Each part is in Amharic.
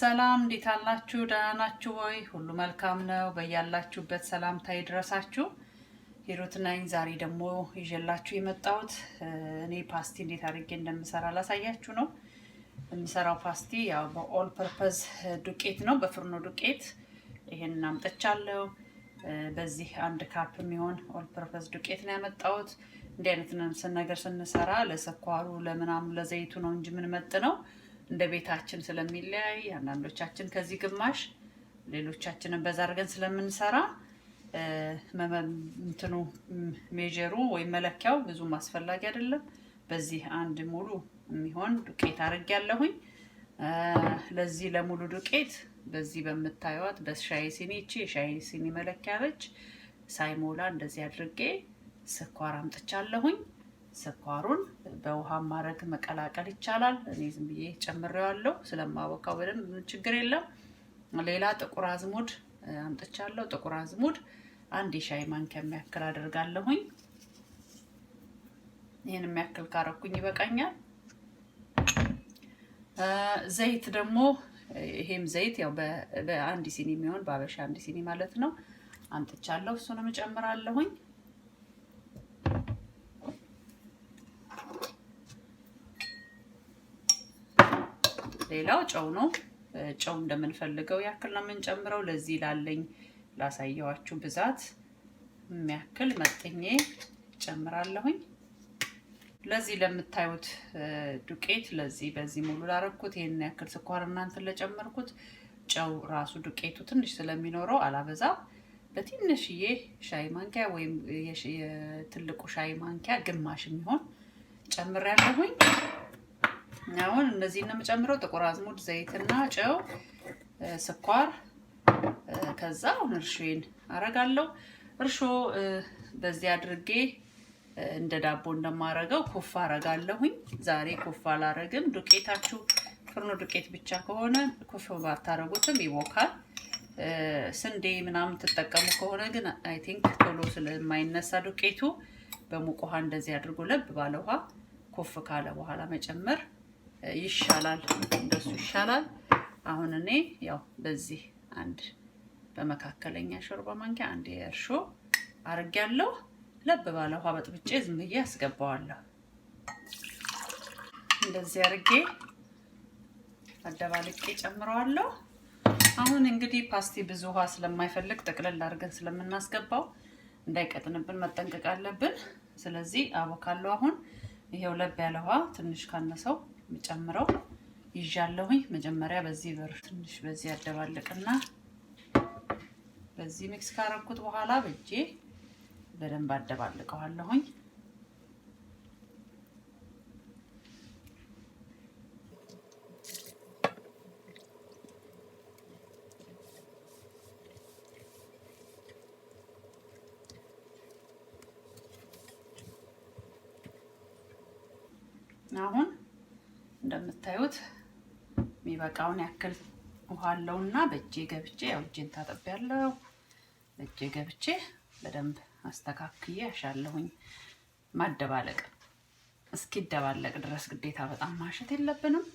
ሰላም እንዴት አላችሁ? ደህና ናችሁ ወይ? ሁሉ መልካም ነው? በያላችሁበት ሰላምታ ይድረሳችሁ። ሂሩት ነኝ። ዛሬ ደግሞ ይዤላችሁ የመጣሁት እኔ ፓስቲ እንዴት አድርጌ እንደምሰራ ላሳያችሁ ነው። የምሰራው ፓስቲ ያው በኦል ፐርፐዝ ዱቄት ነው፣ በፍርኖ ዱቄት ይሄንን አምጥቻለሁ። በዚህ አንድ ካፕ የሚሆን ኦል ፐርፐዝ ዱቄት ነው ያመጣሁት። እንዲህ አይነት ነገር ስንሰራ ለስኳሩ ለምናምን ለዘይቱ ነው እንጂ መጥ ነው እንደ ቤታችን ስለሚለያይ አንዳንዶቻችን ከዚህ ግማሽ ሌሎቻችንን በዛ አድርገን ስለምንሰራ እንትኑ ሜጀሩ ወይም መለኪያው ብዙም አስፈላጊ አይደለም። በዚህ አንድ ሙሉ የሚሆን ዱቄት አድርጌ ያለሁኝ። ለዚህ ለሙሉ ዱቄት በዚህ በምታዩት በሻይ ሲኒ እቺ የሻይ ሲኒ መለኪያ ነች። ሳይሞላ እንደዚህ አድርጌ ስኳር አምጥቻለሁኝ። ስኳሩን በውሃ ማድረግ መቀላቀል ይቻላል። እኔ ዝም ብዬ ጨምሬዋለሁ ስለማቦካው በደንብ ችግር የለም። ሌላ ጥቁር አዝሙድ አምጥቻለሁ። ጥቁር አዝሙድ አንድ የሻይ ማንኪያ የሚያክል አደርጋለሁኝ። ይህን የሚያክል ካረኩኝ ይበቃኛል። ዘይት ደግሞ ይሄም ዘይት ያው በአንድ ሲኒ የሚሆን በአበሻ አንድ ሲኒ ማለት ነው አምጥቻለሁ። እሱንም እጨምራለሁኝ። ሌላው ጨው ነው። ጨው እንደምንፈልገው ያክል ነው የምንጨምረው። ለዚህ ላለኝ ላሳየዋችሁ ብዛት የሚያክል መጥኜ ጨምራለሁኝ። ለዚህ ለምታዩት ዱቄት ለዚህ በዚህ ሙሉ ላረግኩት ይህን ያክል ስኳር እናንተን ለጨመርኩት ጨው ራሱ ዱቄቱ ትንሽ ስለሚኖረው አላበዛም። በትንሽዬ ሻይ ማንኪያ ወይም የትልቁ ሻይ ማንኪያ ግማሽ የሚሆን ጨምሬያለሁኝ። አሁን እነዚህ ነው የምጨምረው፣ ጥቁር አዝሙድ፣ ዘይትና ጨው፣ ስኳር። ከዛ አሁን እርሾዬን አረጋለሁ። እርሾ በዚህ አድርጌ እንደ ዳቦ እንደማረገው ኩፍ አረጋለሁኝ። ዛሬ ኩፍ አላረግም። ዱቄታችሁ ፍርኖ ዱቄት ብቻ ከሆነ ኩፍ ባታረጉትም ይቦካል። ስንዴ ምናምን ትጠቀሙ ከሆነ ግን አይ ቲንክ ቶሎ ስለማይነሳ ዱቄቱ በሙቅ ውሃ እንደዚህ አድርጎ ለብ ባለ ውሃ ኩፍ ካለ በኋላ መጨመር ይሻላል፣ እንደሱ ይሻላል። አሁን እኔ ያው በዚህ አንድ በመካከለኛ ሾርባ ማንኪያ አንድ የእርሾ አርጌያለሁ። ለብ ባለ ውሃ በጥብጬ ዝም ብዬ አስገባዋለሁ። እንደዚህ አርጌ አደባልቄ ጨምረዋለሁ። አሁን እንግዲህ ፓስቲ ብዙ ውሃ ስለማይፈልግ ጥቅልል አድርገን ስለምናስገባው እንዳይቀጥንብን መጠንቀቅ አለብን። ስለዚህ አቮካዶ አሁን ይሄው ለብ ያለ ውሃ ትንሽ ካነሰው የምጨምረው ይዣለሁኝ። መጀመሪያ በዚህ ብር ትንሽ በዚህ ያደባልቅና በዚህ ሚክስ ካረኩት በኋላ በእጄ በደንብ አደባልቀዋለሁኝ። እንደምታዩት የሚበቃውን ያክል ውሃ እና በእጄ ገብቼ ያው እጄን ያለው በእጄ ገብቼ በደንብ አስተካክዬ ያሻለሁኝ ማደባለቅ እስኪደባለቅ ድረስ ግዴታ በጣም ማሸት የለብንም።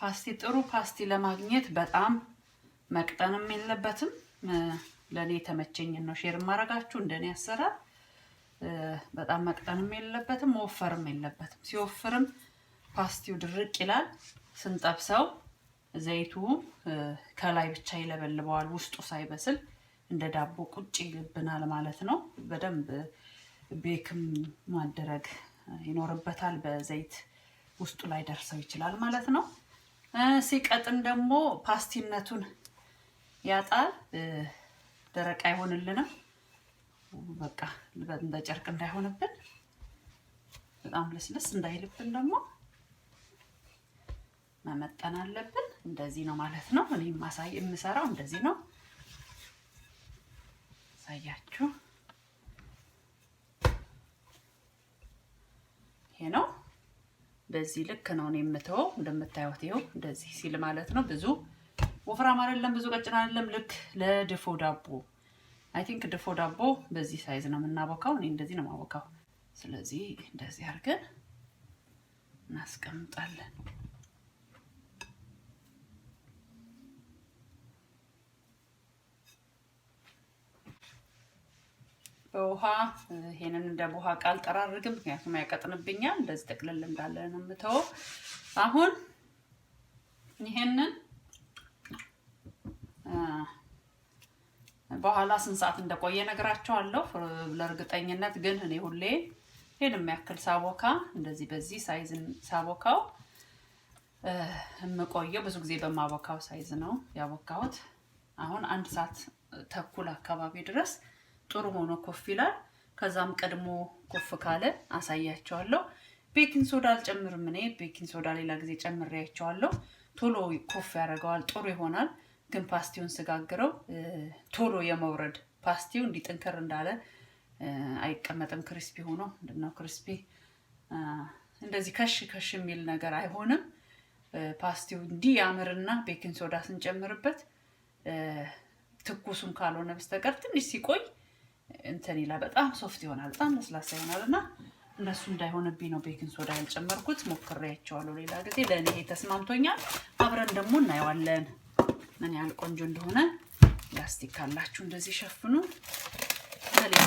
ፓስቲ ጥሩ ፓስቲ ለማግኘት በጣም መቅጠንም የለበትም። ለእኔ የተመቸኝን ነው ሼር ማረጋችሁ። እንደኔ አሰራር በጣም መቅጠንም የለበትም፣ መወፈርም የለበትም። ሲወፍርም ፓስቲው ድርቅ ይላል። ስንጠብሰው ዘይቱ ከላይ ብቻ ይለበልበዋል፣ ውስጡ ሳይበስል እንደ ዳቦ ቁጭ ይልብናል ማለት ነው። በደንብ ቤክም ማደረግ ይኖርበታል። በዘይት ውስጡ ላይ ደርሰው ይችላል ማለት ነው። ሲቀጥን ደግሞ ፓስቲነቱን ያጣል፣ ደረቅ አይሆንልንም። በቃ እንደ ጨርቅ እንዳይሆንብን በጣም ልስልስ እንዳይልብን ደግሞ መመጠን አለብን። እንደዚህ ነው ማለት ነው። እኔ ማሳይ የምሰራው እንደዚህ ነው ሳያችሁ። ይሄ ነው በዚህ ልክ ነው እኔ የምተወው። እንደምታዩት ይኸው እንደዚህ ሲል ማለት ነው። ብዙ ወፍራም አይደለም፣ ብዙ ቀጭን አይደለም። ልክ ለድፎ ዳቦ አይ ቲንክ ድፎ ዳቦ በዚህ ሳይዝ ነው የምናቦካው። እኔ እንደዚህ ነው የማቦካው። ስለዚህ እንደዚህ አድርገን እናስቀምጣለን። በውሃ ይሄንን እንደ ውሃ ቃል ጠራርግም፣ ምክንያቱም ያቀጥንብኛል። እንደዚህ ጥቅልል እንዳለ ነው የምተው። አሁን ይሄንን በኋላ ስንት ሰዓት እንደቆየ ነግራቸዋለሁ። ለእርግጠኝነት ግን እኔ ሁሌ ይሄን የሚያክል ሳቦካ እንደዚህ በዚህ ሳይዝ ሳቦካው የምቆየው ብዙ ጊዜ በማቦካው ሳይዝ ነው ያቦካሁት። አሁን አንድ ሰዓት ተኩል አካባቢ ድረስ ጥሩ ሆኖ ኮፍ ይላል። ከዛም ቀድሞ ኮፍ ካለ አሳያቸዋለሁ። ቤኪንግ ሶዳ አልጨምርም እኔ። ቤኪንግ ሶዳ ሌላ ጊዜ ጨምሬያቸዋለሁ። ቶሎ ኮፍ ያደርገዋል፣ ጥሩ ይሆናል። ግን ፓስቲውን ስጋግረው ቶሎ የመውረድ ፓስቲው እንዲጥንክር እንዳለ አይቀመጥም። ክሪስፒ ሆኖ ምንድነው ክሪስፒ እንደዚህ ከሽ ከሽ የሚል ነገር አይሆንም። ፓስቲው እንዲህ ያምርና ቤኪንግ ሶዳ ስንጨምርበት ትኩሱም ካልሆነ በስተቀር ትንሽ ሲቆይ እንትን ይላል። በጣም ሶፍት ይሆናል፣ በጣም ለስላሳ ይሆናል። እና እነሱ እንዳይሆንብኝ ነው ቤኪንግ ሶዳ ያልጨመርኩት። ሞክሬያቸዋለሁ ሌላ ጊዜ። ለእኔ ተስማምቶኛል። አብረን ደግሞ እናየዋለን ምን ያህል ቆንጆ እንደሆነ። ላስቲክ ካላችሁ እንደዚህ ሸፍኑ። በሌላ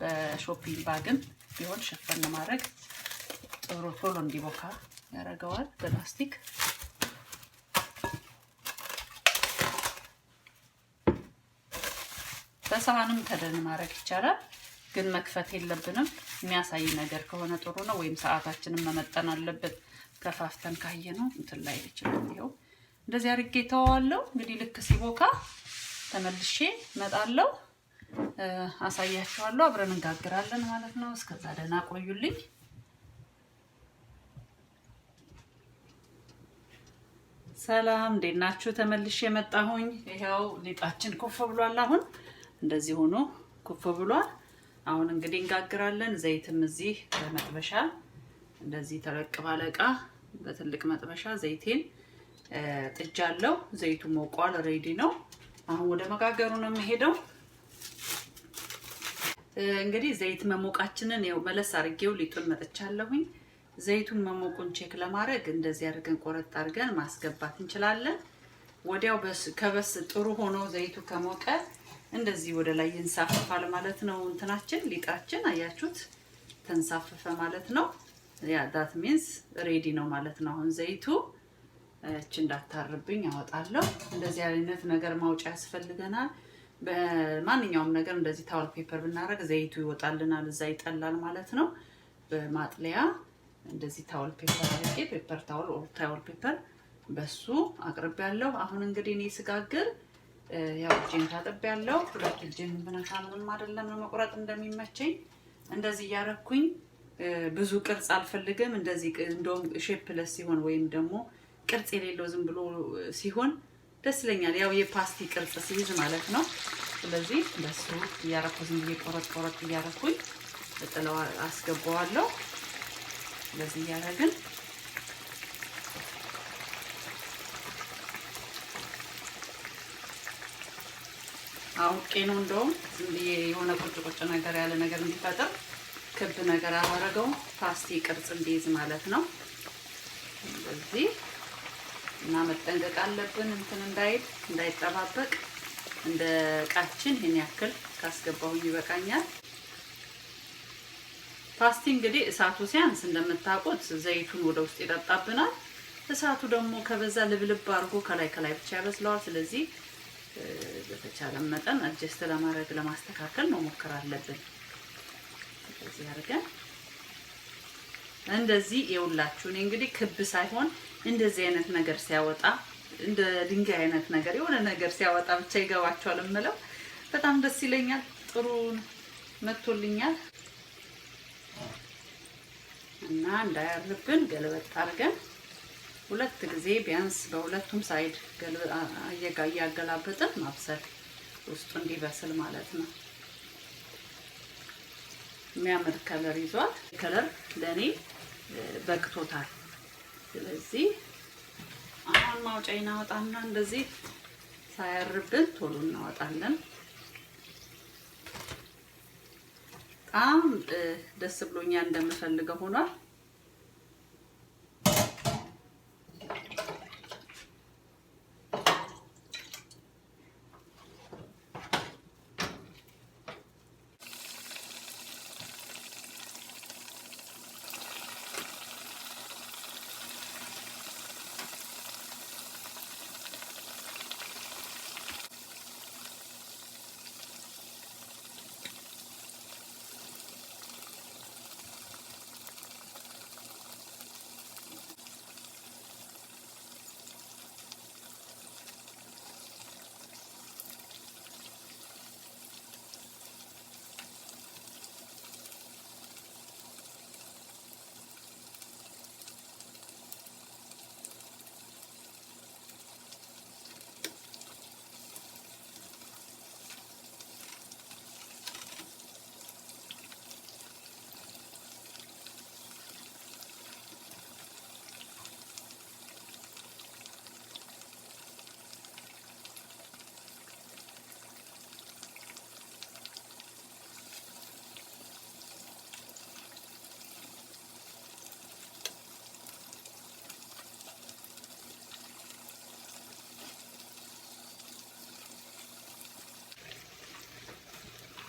በሾፒንግ ባግም ቢሆን ሸፈን ለማድረግ ጥሩ ቶሎ እንዲቦካ ያደርገዋል በላስቲክ በሳህንም ተደን ማድረግ ይቻላል፣ ግን መክፈት የለብንም። የሚያሳይ ነገር ከሆነ ጥሩ ነው። ወይም ሰዓታችንን መመጠን አለብን። ከፋፍተን ካየ ነው እንትን ላይ ይችላል። ይኸው እንደዚህ አድርጌ ተዋዋለው። እንግዲህ ልክ ሲቦካ ተመልሼ መጣለው፣ አሳያችኋለሁ። አብረን እንጋግራለን ማለት ነው። እስከዛ ደህና ቆዩልኝ። ሰላም እንዴት ናችሁ? ተመልሼ መጣሁኝ። ይኸው ሊጣችን ኮፍ ብሏል አሁን እንደዚህ ሆኖ ኩፍ ብሏል። አሁን እንግዲህ እንጋግራለን። ዘይትም እዚህ በመጥበሻ እንደዚህ ተለቅ ባለ እቃ በትልቅ መጥበሻ ዘይቴን አለው ዘይቱ ሞቋል፣ ሬዲ ነው። አሁን ወደ መጋገሩ ነው የሚሄደው። እንግዲህ ዘይት መሞቃችንን ያው መለስ አድርጌው ሊጡን መጥቻለሁኝ። ዘይቱን መሞቁን ቼክ ለማድረግ እንደዚህ አድርገን ቆረጥ አድርገን ማስገባት እንችላለን። ወዲያው ከበስ ጥሩ ሆኖ ዘይቱ ከሞቀ እንደዚህ ወደ ላይ ይንሳፈፋል ማለት ነው። እንትናችን ሊጣችን አያችሁት ተንሳፈፈ ማለት ነው። ያ ዳት ሚንስ ሬዲ ነው ማለት ነው። አሁን ዘይቱ እች እንዳታርብኝ አወጣለሁ። እንደዚህ አይነት ነገር ማውጫ ያስፈልገናል። በማንኛውም ነገር እንደዚህ ታወል ፔፐር ብናደርግ ዘይቱ ይወጣልናል፣ እዛ ይጠላል ማለት ነው። በማጥለያ እንደዚህ ታወል ፔፐር አድርጌ ፔፐር ታወል ኦር ታወል ፔፐር በሱ አቅርቤያለሁ። አሁን እንግዲህ እኔ ስጋግር ያው እጄን ታጥብ ያለው ሁለት እጄን ብነካ ምንም አይደለም። ለመቁረጥ እንደሚመቸኝ እንደዚህ እያረኩኝ ብዙ ቅርጽ አልፈልግም። እንደዚህ እንደውም ሼፕለስ ሲሆን ወይም ደግሞ ቅርጽ የሌለው ዝም ብሎ ሲሆን ደስ ይለኛል። ያው የፓስቲ ቅርጽ ሲይዝ ማለት ነው። ስለዚህ በሱ እያረኩ ዝም ብዬ ቆረጥ ቆረጥ እያረኩኝ ጥለው አስገባዋለሁ። እንደዚህ እያረግን አውቄ ነው እንደውም የሆነ ቁጭ ቁጭ ነገር ያለ ነገር እንዲፈጥር ክብ ነገር አደረገው ፓስቲ ቅርጽ እንዲይዝ ማለት ነው። እንደዚህ እና መጠንቀቅ አለብን እንትን እንዳይል እንዳይጠባበቅ። እንደ እቃችን ይህን ያክል ካስገባሁኝ ይበቃኛል። ፓስቲ እንግዲህ እሳቱ ሲያንስ እንደምታውቁት ዘይቱን ወደ ውስጥ ይጠጣብናል። እሳቱ ደግሞ ከበዛ ልብልብ አድርጎ ከላይ ከላይ ብቻ ያበስለዋል። ስለዚህ በተቻለ መጠን አጀስት ለማድረግ ለማስተካከል መሞከር አለብን። እንደዚህ አድርገን እንደዚህ ይውላችሁ። እኔ እንግዲህ ክብ ሳይሆን እንደዚህ አይነት ነገር ሲያወጣ እንደ ድንጋይ አይነት ነገር የሆነ ነገር ሲያወጣ ብቻ ይገባቸዋል የምለው በጣም ደስ ይለኛል። ጥሩ መቶልኛል እና እንዳያርብን ገለበጥ አድርገን ሁለት ጊዜ ቢያንስ በሁለቱም ሳይድ እያገላበጥን ማብሰል ውስጡ እንዲበስል ማለት ነው። የሚያምር ከለር ይዟል። ከለር ለእኔ በቅቶታል። ስለዚህ አሁን ማውጫ እናወጣና እንደዚህ ሳያርብን ቶሎ እናወጣለን። በጣም ደስ ብሎኛ እንደምፈልገው ሆኗል።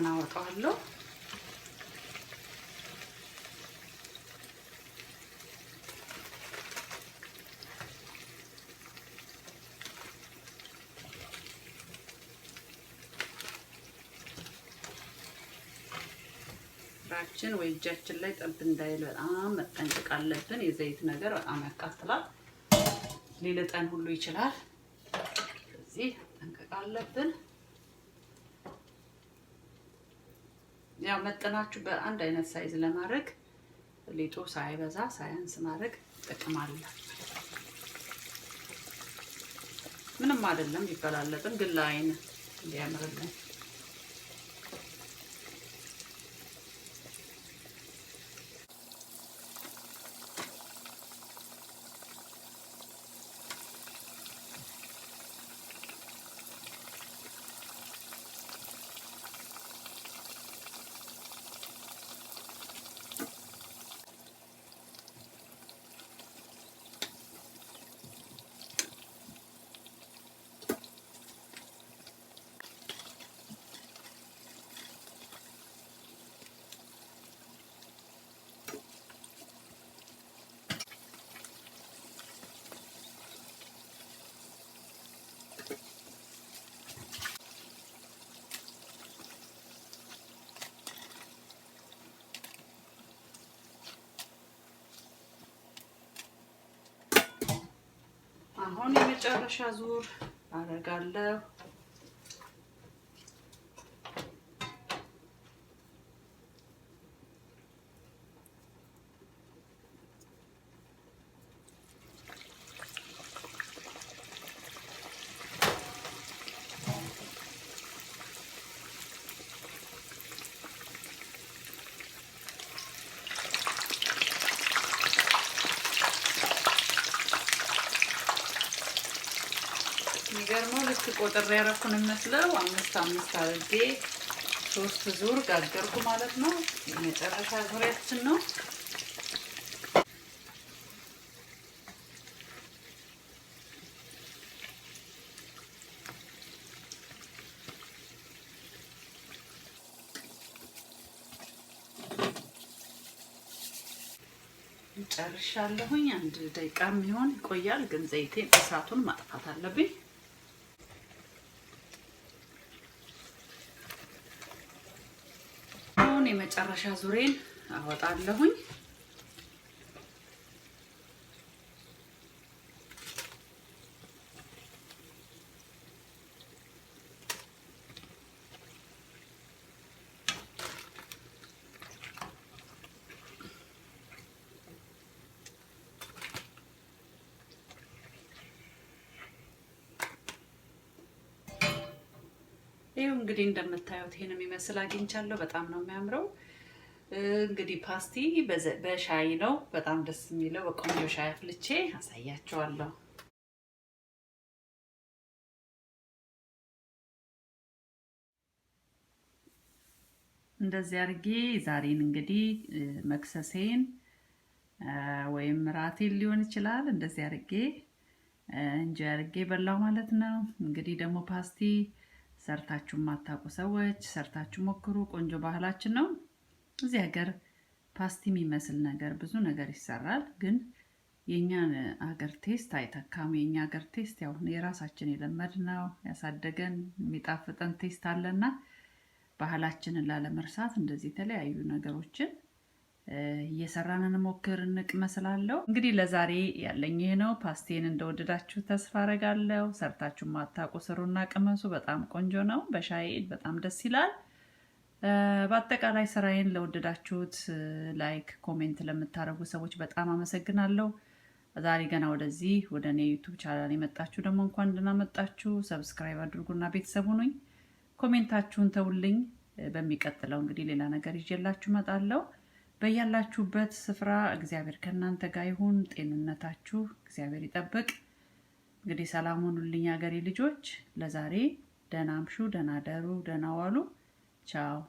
ውሃውን አወጣዋለሁ። ራችን ወይ እጃችን ላይ ጠብ እንዳይል በጣም መጠንቀቅ አለብን። የዘይት ነገር በጣም ያቃጥላል፣ ሊልጠን ሁሉ ይችላል። ስለዚህ መጠንቀቅ አለብን። ያው መጠናችሁ በአንድ አይነት ሳይዝ ለማድረግ ሊጡ ሳይበዛ ሳያንስ ማድረግ አለ። ምንም አይደለም ቢበላለጥም፣ ግን ለአይን እንዲያምርልን አሁን የመጨረሻ ዙር አደርጋለሁ። የሚገርመው ልክ ቆጥሬ ያረኩን ነው አምስት አምስት አድርጌ ሶስት ዙር ጋገርኩ ማለት ነው። የመጨረሻ ዙሪያችን ነው። ጨርሻለሁኝ። አንድ ደቂቃ የሚሆን ይቆያል፣ ግን ዘይቴን እሳቱን ማጥፋት አለብኝ። የመጨረሻ ዙሬን አወጣለሁኝ። እንግዲህ እንደምታዩት ይህን የሚመስል አግኝቻለሁ። በጣም ነው የሚያምረው። እንግዲህ ፓስቲ በሻይ ነው በጣም ደስ የሚለው። በቆንጆ ሻይ አፍልቼ አሳያቸዋለሁ። እንደዚህ አድርጌ ዛሬን እንግዲህ መክሰሴን ወይም ራቴን ሊሆን ይችላል እንደዚህ አድርጌ እንጂ አድርጌ በላው ማለት ነው። እንግዲህ ደግሞ ፓስቲ ሰርታችሁ የማታውቁ ሰዎች ሰርታችሁ ሞክሩ። ቆንጆ ባህላችን ነው። እዚህ ሀገር ፓስቲ የሚመስል ነገር ብዙ ነገር ይሰራል፣ ግን የእኛን ሀገር ቴስት አይተካም። የእኛ ሀገር ቴስት ያው የራሳችን የለመድነው ያሳደገን የሚጣፍጠን ቴስት አለና ባህላችንን ላለመርሳት እንደዚህ የተለያዩ ነገሮችን እየሰራን እንሞክር እንቅመስ እንግዲህ ለዛሬ ያለኝ ይህ ነው። ፓስቴን እንደወደዳችሁ ተስፋ አረጋለሁ። ሰርታችሁ ማታቁ ስሩና ቅመሱ። በጣም ቆንጆ ነው። በሻይ በጣም ደስ ይላል። በአጠቃላይ ስራዬን ለወደዳችሁት፣ ላይክ ኮሜንት ለምታደርጉ ሰዎች በጣም አመሰግናለሁ። ዛሬ ገና ወደዚህ ወደ እኔ ዩቱብ ቻናል የመጣችሁ ደግሞ እንኳን ደህና መጣችሁ። ሰብስክራይብ አድርጉና ቤተሰቡ ነኝ። ኮሜንታችሁን ተውልኝ። በሚቀጥለው እንግዲህ ሌላ ነገር ይዤላችሁ እመጣለሁ። በያላችሁበት ስፍራ እግዚአብሔር ከእናንተ ጋር ይሁን። ጤንነታችሁ እግዚአብሔር ይጠብቅ። እንግዲህ ሰላም ሁኑልኝ ሀገሬ ልጆች። ለዛሬ ደህና አምሹ፣ ደህና ደሩ፣ ደህና ዋሉ። ቻው